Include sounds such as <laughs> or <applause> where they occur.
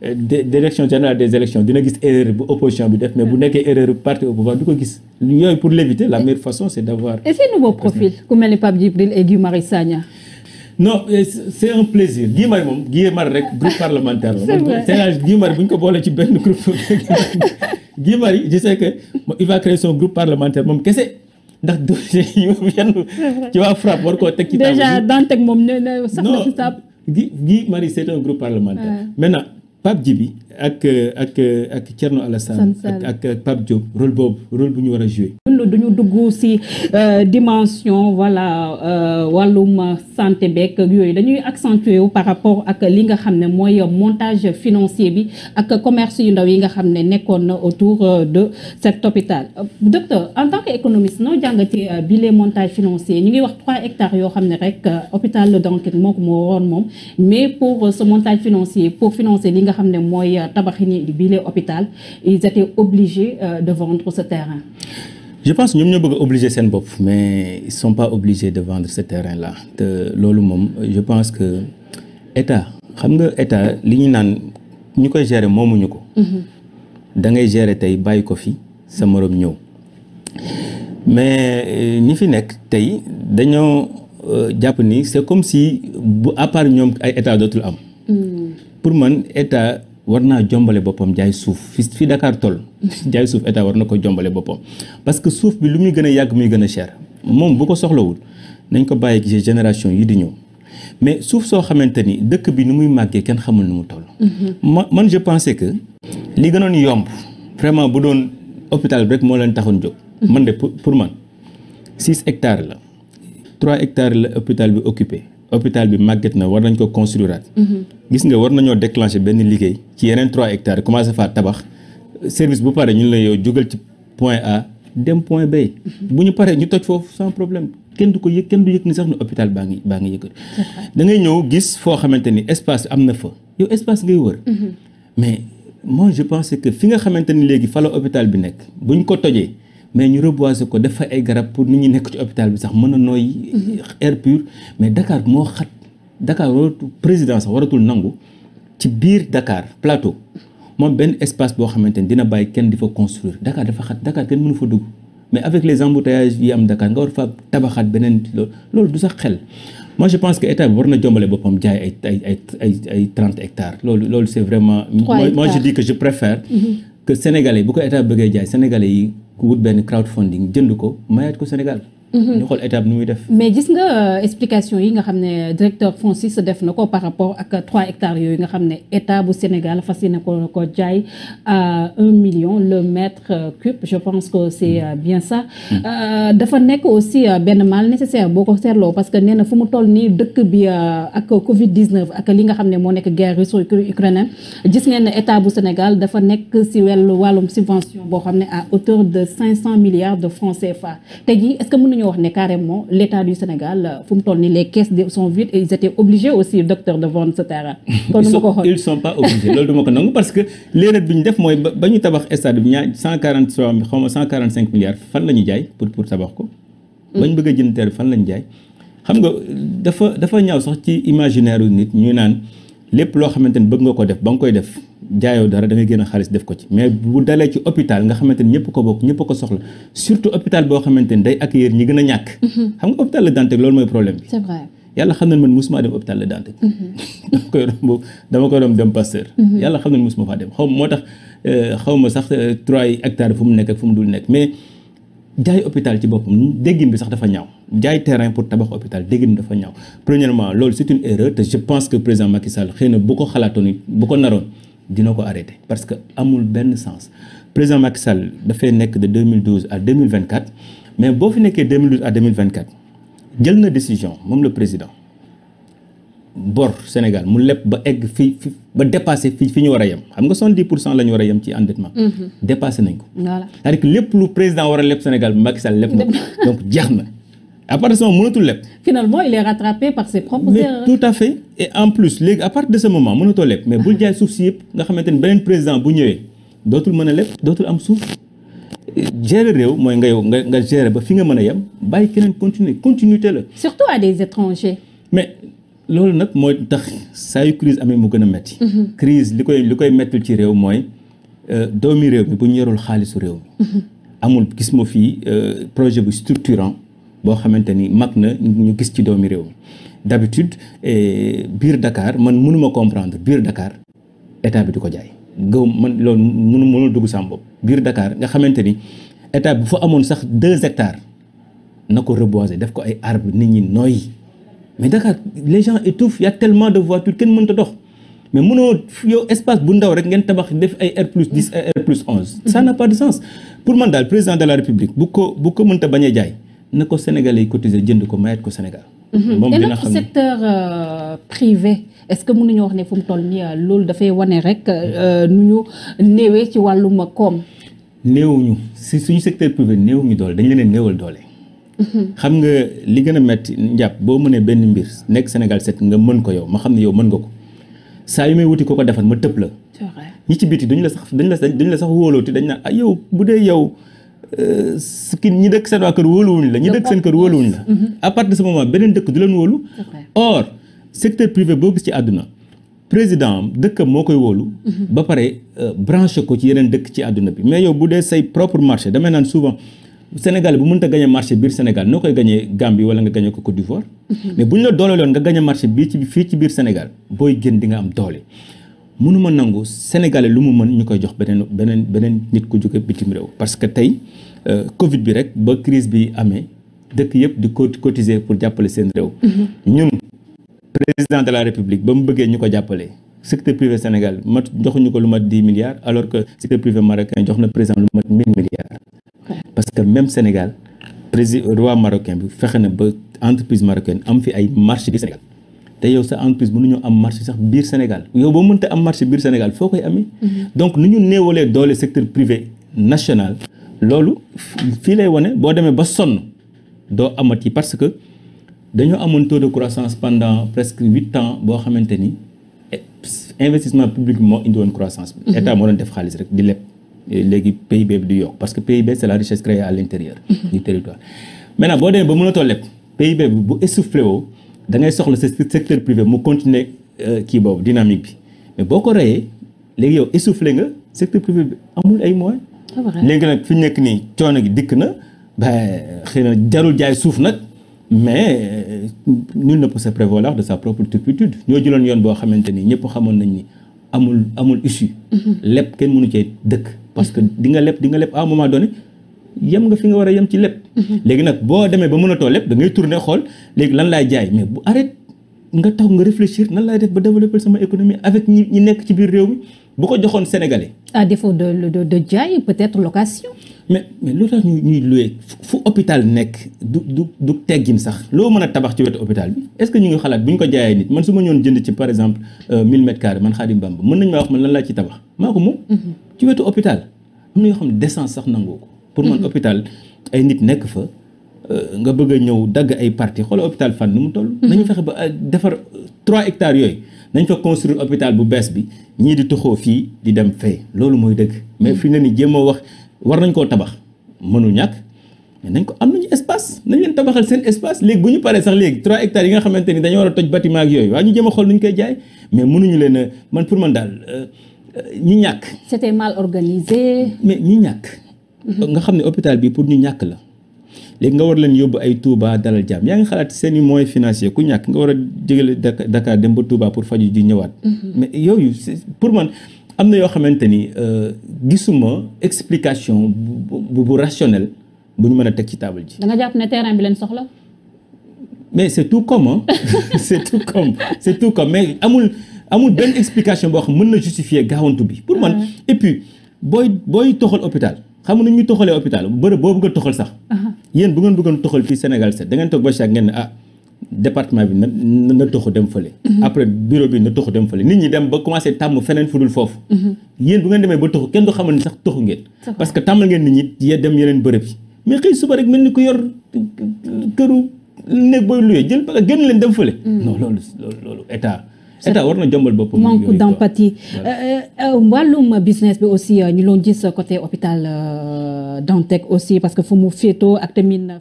direction générale des élections dina gis erreur bu opposition bi def mais bu nekkee erreur bu parti au pouvoir du ko gis yooyu pour l'éviter la meilleure façon c'est d'avoir et ces nouveaux profils ku mel ni Pape Djibril et Guy non c'est un plaisir Guy Marius moom Guy Marius rek groupe parlementaire la <laughs> c'est Guy Marius bu ñu ko boolee ci benn groupe <laughs> Guy Marius je sais que il va créer son groupe parlementaire moom kese ndax dossier yi yenn ci waa FRAPP war koo teg ki table déjà moom nee na sax na ci sab Guy Marius c'est Pape jibi ak ak ak Thierno Alassane ak ak Pape Diop rôle boobu rôle bu ñu war a joué. duñu dugg ci euh, dimension voilà euh, wàllum santé beeg yooyu dañuy accentuer wu par rapport ak li nga xam ne mooy montage financier bi ak commerce yu ndaw yi nga xam ne nekkoon na autour euh, de cet hôpital docteur en tant que économiste noo jàngatee bi les montage financier ñu ngi wax trois hectares yoo xam ne rek hôpital Le Dantec moo ko moo woon moom mais pour ce montage financier pour financer li nga xam ne mooy tabaxini bile hôpital ils étaient obligés euh, de vendre ce terrain je pense ñoom ñoo bëgg a obligé seen bopp mais ils sont pas obligés de vendre ce terrain là te loolu moom je pense que état xam nga état li ñu naan ñu koy gérer moomuñu ko mhm. dangay ngay tey bàyyi ko fi sa moroom ñëw mais euh, ñi fi nekk tey dañoo euh, jàpp ni c'est comme si bu à ñoom ay état dootul am mhm. pour man état war naa jombale boppam jaay suuf fi fi Dakar toll <laughs> jaay suuf état war na ko jombale boppam parce que suuf bi lu muy gën a yàgg muy gën a cher moom bu ko soxlawul nañ ko bàyyi ci génération yi di ñëw mais suuf soo xamante ni dëkk bi nu muy màggee kenn xamul nu mu toll. Mm-hmm. ma man je pensais que li gënoon yomb vraiment bu doon hôpital rek moo leen taxoon jóg. Mm-hmm. man de pour man six hectare la trois hectare la hôpital bi occupé. hôpital bi màgget na war nañ ko construiraat mhm. gis nga war nañoo déclenché benn liggéey ci yeneen trois hectares commencé faa tabax service bu pare ñun la yow jógal ci point A dem point B mhm. bu ñu paree ñu toj foofu sans problème kenn du ko yëg kenn du yëg ni sax ni hôpital baa ngi baa ngi yëkkati da ngay ñëw gis foo xamante ni espace am na fa yow espace ngay wër mhm. mais moi je pense que fi nga xamante ni léegi falo la hôpital bi nekk bu ñu ko tojee mais ñu reboiser ko def fa ay garab pour nit ñu nekk ci hôpital bi sax mën na nooy mhm. air pur mais dakaar moo xat Dakar waratul président sax waratul nangu ci biir Dakar plateau moom benn espace boo xamante ni dina bàyyi kenn di fa construire Dakar dafa xat Dakar kenn mënu fa dugg mais avec les embouteillages yi am Dakar nga war faa tabaxaat beneen loolu du sax xel moi je pense que état bi war na jombale boppam jaay ay ay trente hectares loolu loolu c'est vraiment moi je dis que je préfère mhm. ko état bëggee jaay sénégalais yi ku wut benn crowdfunding jënd ko mayaat ko Sénégal Mm-hmm. ñu xool étape muy def. mais gis nga euh, explication yi nga xam ne directeur FONSIS def na ko par rapport ak 3 hectares yooyu nga xam ne état bu Sénégal fas yéene ko ko jaay à 1 million le mètre cube je pense que est euh, bien ça. Mm-hmm. Euh, dafa nekk aussi benn mal nécessaire boo ko seetloo parce que nee na fu mu toll nii dëkk bi ak Covid 19 ak li nga xam ne moo nekk guerre russo-ukrainienne gis ngeen ne état bu Sénégal dafa nekk si wàllu wàllum subvention boo xam ne à hauteur de 500 milliards de francs CFA tey jii est ce que nañu wax ne carrément l' état du Sénégal euh, fu mu toll nii les caisses sont vides et ils étaient obligés aussi docteur de vendre ce terrain. <laughs> kon du ma ko xool ils sont pas obligés loolu du ma ko bi ñu def mooy ba ñu tabax stade bi ñaar cent quarante trois fan la ñu jaay pour tabax ko. ba ñu bëgg fan la jaay. xam nga dafa dafa ñaaw sax ci imaginaire nit ñu naan lépp loo xamante ne bëgg nga ko def ba nga koy def. jaayoo dara da ngay génn xaalis def ko ci mais bu dalee ci hôpital nga xamante ni ñëpp ko bokk ñëpp ko soxla surtout hôpital boo xamante ni day accueillir ñi gën a ñàkk mhm. xam nga hôpital Le Dantec loolu mooy problème bi yàlla xam na man musuma dem hôpital mhm. <laughs> dama koy romb dama dem Pasteur mhm. yàlla xam na musuma faa dem xaw moo tax euh, xaw ma sax euh, trois hectares fu mu nekk fu mu dul nekk mais jaay hôpital ci boppam déggin bi sax dafa ñaaw jaay terrain pour tabax hôpital déggin bi dafa ñaaw premièrement loolu c'est une erreur te je pense que président Macky Sall xëy na bu ko xalaatoon bu ko naroon dina ko arrêté parce que amul benn sens président Macky Sall dafay nekk de 2012 à 2024 mais boo fi nekkee 2012 à 2024 jël na décision moom le président bor Sénégal mu leb ba egg fi fi ba dépassé fi fi ñu war a yem xam nga 70 pour cent la ñu war a yem ci endettement. Mhm. dépassé nañ ko. voilà cest à lépp lu président war a leb Sénégal Macky Sall leb na <laughs> donc jeex na. à partir de ce moment mënatul leb. finalement il est rattrapé par ses propres erreurs. mais tout à fait et en plus léegi à partir de ce moment mënatoo leb mais bul jaay suuf si yëpp nga xamante ni beneen président bu ñëwee dootul mën a leb dootul am suuf gérer réew mooy nga yow nga nga gérer ba fi nga mën a yem bàyyi keneen continuer continuité la. surtout à des étrangers. mais loolu nag mooy tax saa yu crise amee mu gën a metti. Mhm. crise li koy li koy mettul ci réew mooy euh, doomi réew mi bu ñu yorul xaalisu réew mi. Mhm. amul gis ma euh, projet bu structurant. boo xamante ni mag na ñu gis ci doomi réew mi d'habitude eh, biir dakaar man mënuma comprendre biir dakaar état bi du ko jaay gëw man loolu mënu mënul dugg sama bopp biir Dakar nga xamante ni état bu fa amoon sax deux hectares na ko reboiser def ko ay arbres nit ñi nooy mais Dakar les gens étouffent y de voitures kenn mënut a dox mais mënoo yow espace bu ndaw rek ngeen tabax def ay R plus 10 ay R plus 11 ça n'a pas de sens pour man daal président de la république bu ko bu ko mënta bañ a jaay na ko Sénégalais yi cotiser jënd ko mayaat ko Sénégal. Mhm. moom dina xam secteur euh, privé est-ce que mënuñoo wax ne fu mu toll nii euh, loolu dafay wane rek euh, ñu néewee ci wàllum koom. néewuñu si suñu secteur privé néewuñu doole dañ leen a néewal doole. Mhm. xam nga li gën a metti njàpp boo mënee benn mbir nekk Sénégal set nga mën ko yow ma xam ne yow mën nga ko saa yu may wuti ko ko defal ma tëb la. ñi ci biti dañu la sax dañu la sax dañu la sax wóolooti dañ naan ah yow bu dee yow. ki ñi dëkk seen waa kër wóoluwuñ la ñi dëkk seen kër wóoluwuñ la mhm. à partir de ce moment beneen dëkk du leen wóolu or secteur privé boo gis ci àdduna président dëkkam moo koy wóolu mhm. ba pare euh, branché ko ci yeneen dëkk ci àdduna bi mais yow bu dee say propre marché damay naan souvent Sénégal bu mënta gagné marché biir Sénégal noo koy gagné Gambie wala nga gagné ko Côte d'Ivoire mhm. mais bu ñu la dooleeloon nga gagné marché bii ci fii ci biir Sénégal booy génn di nga am doole mënuma nangu sénégalais lu mu mën ñu koy jox beneen beneen beneen nit ku jóge bitim réew parce que tey euh, covid bi rek ba crise bi amee dëkk yëpp di cotiser pour jàppale seen réew mm-hmm. ñun président de la république ba mu bëggee ñu ko jàppale secteur privé Sénégal mat joxuñu ko lu mat dix milliards alors que secteur privé marocain jox na président lu mat milliards parce que même Sénégal président roi marocain bi fexe na ba entreprise marocaine am fi ay marché bi te yow sa entreprise mënuñoo am marché sax biir Sénégal yow boo mënta am marché biir Sénégal foo koy amee. Mhm. donc nu ñu néewalee doole secteur privé national. loolu fii lay wane boo demee ba sonn doo amat amati parce que dañoo amoon taux de croissance pendant presque huit ans boo xamante ni investissement public moo indi woon croissance bi. Mhm. moo doon def xaalis rek di leb léegi PIB bi di yokk parce que PIB c'est la richesse créée à l'intérieur. Mhm. du territoire maintenant boo demee ba mënatoo leb PIB bi bu da ngay soxla sa secteur privé mu continuer euh, kii boobu dynamique bi mais boo ko reyee léegi yow essoufflé nga secteur privé bi amul ay moyens. léegi nag fi nekk nii coono gi dikk na ba xëy na jarul jaay suuf nag mais euh, nul ne sa se prévaloir de sa propre turpitude ñoo jëloon yoon boo xamante ni ñëpp xamoon nañ ni amul amul issue. Mm-hmm. lépp kenn mënu cee dëkk. parce que di nga lépp di nga lépp à un yem nga fi nga war a yem ci lépp. Mhm. léegi nag boo demee ba mënatoo lépp dangay ngay tourner xool léegi lan laay jaay mais bu arrêté nga taw nga réfléchir nan lay def ba développer sama économie avec ñi ñi nekk ci biir réew mi bu ko joxoon sénégalais. à défaut de jaay peut-être location. mais mais loolu tax ñu ñuy loué fu hôpital nekk du du du teggin sax loo mën a tabax ci wetu hôpital bi est-ce que ñu ngi xalaat bu ñu ko jaayee nit man su ma ñoon jënd ci par exemple 1000 euh, mètres carrés man mën nañ maa wax man laa ci tabax maa ko moom. Mhm. ci wetu hôpital am na yoo xam sax nangoo ko. pour man mhm. hôpital ay nit nekk fa euh, nga bëgg a ñëw dagg ay parti xoolal hôpital fan nu mu toll mhm. nañu fexe ba euh, defar trois hectares yooyu nañ fa construire hôpital bu bees bi ñii di toxoo fii di dem fee loolu mooy dëgg mais mhm. fi ne ni jéem a wax war nañ koo tabax mënul ñàkk mais nañ ko am nañu espace nañ leen tabaxal seen espace léegi bu ñu paree sax léegi 3 hectares yi nga xamante ni dañoo war a toj bâtiment yooyu waaye ñu jëm a xool ñu koy jaay mais mënuñu leen a man pour man daal euh, ñi ñàkk. c'était mal organisé. mais ñàkk. nga xam ne hôpital bi pour ñu ñàkk la léegi nga war leen yóbbu ay Touba dalal jàmm yaa ngi xalaat seeni i moyens ku ñàkk nga war a jégale Dakar dem ba Touba pour faju ji ñëwaat mm-hmm. mais yooyu pour man am na yoo xamante ni euh, gisuma explication bu rationnel bu ñu mën a teg ci table ji da nga jàpp ne terrain bi leen soxla mais c'est tout comme <laughs> <laughs> c'est tout comme c'est tout mais amul amul benn explication boo xam mën na justifier gaawantu bi pour man et puis booy booy toxal hôpital xam nga nu ñuy toxalee hôpital bërëb boo bëgg a toxal sax yéen bu ngeen bëggoon toxal fii Sénégal set da ngeen ba chaque ngeen ah, bi na na toxu dem fële mhm. na toxu dem fële nit ñi dem ba commencé tàmm feneen fu dul foofu mhm. yéen bu ngeen demee ba toxu kenn du xamal ni sax toxu ngeen parce que tàmmal ngeen yeneen bërëb yi mais xëy suba rek mel ni ku yor këru néeg booy luyee jël ba génn leen dem fële mhm. non loolu loolu état état war na jëmbal boppam manque d'empathie euh, euh, euh, wàllum business bi aussi ñu loon gis côté hôpital Dantec aussi parce que fu mu féetoo ak tamit